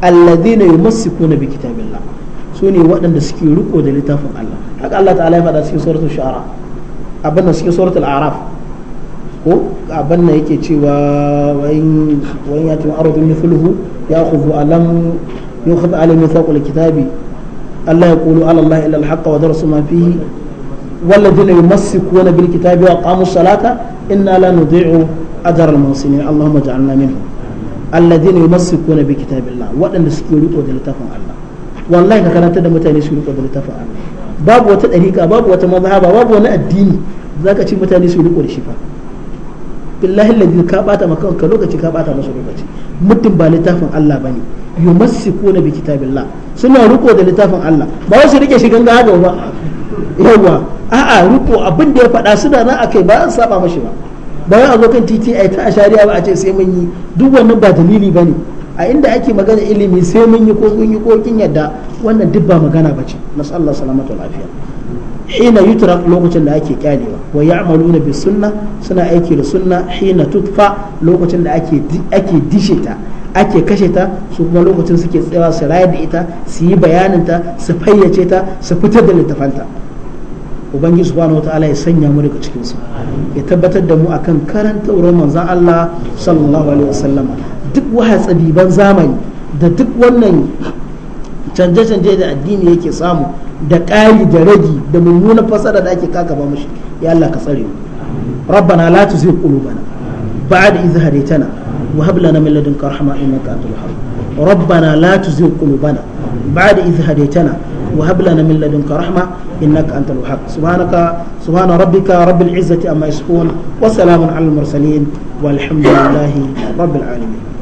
alladhina na bi kitabillah su ne waɗanda suke riko da littafin Allah haka Allah ta'ala ya faɗa cikin suratul shu'ara abin da suke suratul araf ko abin da yake cewa wayin wayin ya tuma arabin mithluhu ya khudhu alam yukhadhu alam mithaqul kitabi Allah ya qulu ala Allah illa al-haqq wa darasu ma fihi والذين يمسكون بالكتاب وأقاموا الصلاة إنا لا نضيع أجر المحسنين اللهم اجعلنا منهم الذين يمسكون بكتاب الله وأن سكيروا لتفهم الله والله كانت تدم متاني سكيروا لتفهم الله باب وتدريك باب وتمذهب باب ولا الدين ذاك شيء متاني سكيروا لشفاء بالله الذي كابات مكان كلوكتي كابات مسلوكتي muddin ba littafin Allah bane yumassikuna bi kitabillah suna riko da littafin Allah ba wasu rike shi ganga haka ba yawa a'a rufo abin da ya faɗa suna a kai ba an saba mashi ba bayan a zo kan titi a ta shari'a ba a ce sai mun yi duk wannan ba dalili ba ne a inda ake magana ilimi sai mun yi ko kun yi ko kin yadda wannan duk ba magana ba ce nasallahu salamatu lafiya hina yutra lokacin da ake kyalewa wa ya'maluna bi sunna suna aiki da sunna hina tutfa lokacin da ake ake dishe ta ake kashe ta su kuma lokacin suke tsayawa su rayar da ita su yi bayanin ta su fayyace ta su fitar da littafanta ubangiji subhanahu wataala ya sanya mu daga cikin su ya tabbatar da mu akan karanta wurin manzon Allah sallallahu alaihi wasallam duk tsadiban zamani da duk wannan canje-canje da addini yake samu da ƙari da ragi da mummunan fasara da ake kaka ba mushi ya Allah ka tsare mu rabbana la tuzigh qulubana ba'da idh hadaytana wa hab lana min ladunka rahma innaka antal wahhab rabbana la tuzigh qulubana ba'da idh hadaytana وهب لنا من لدنك رحمة إنك أنت الوهاب سبحانك سبحان ربك رب العزة أما يصفون وسلام على المرسلين والحمد لله رب العالمين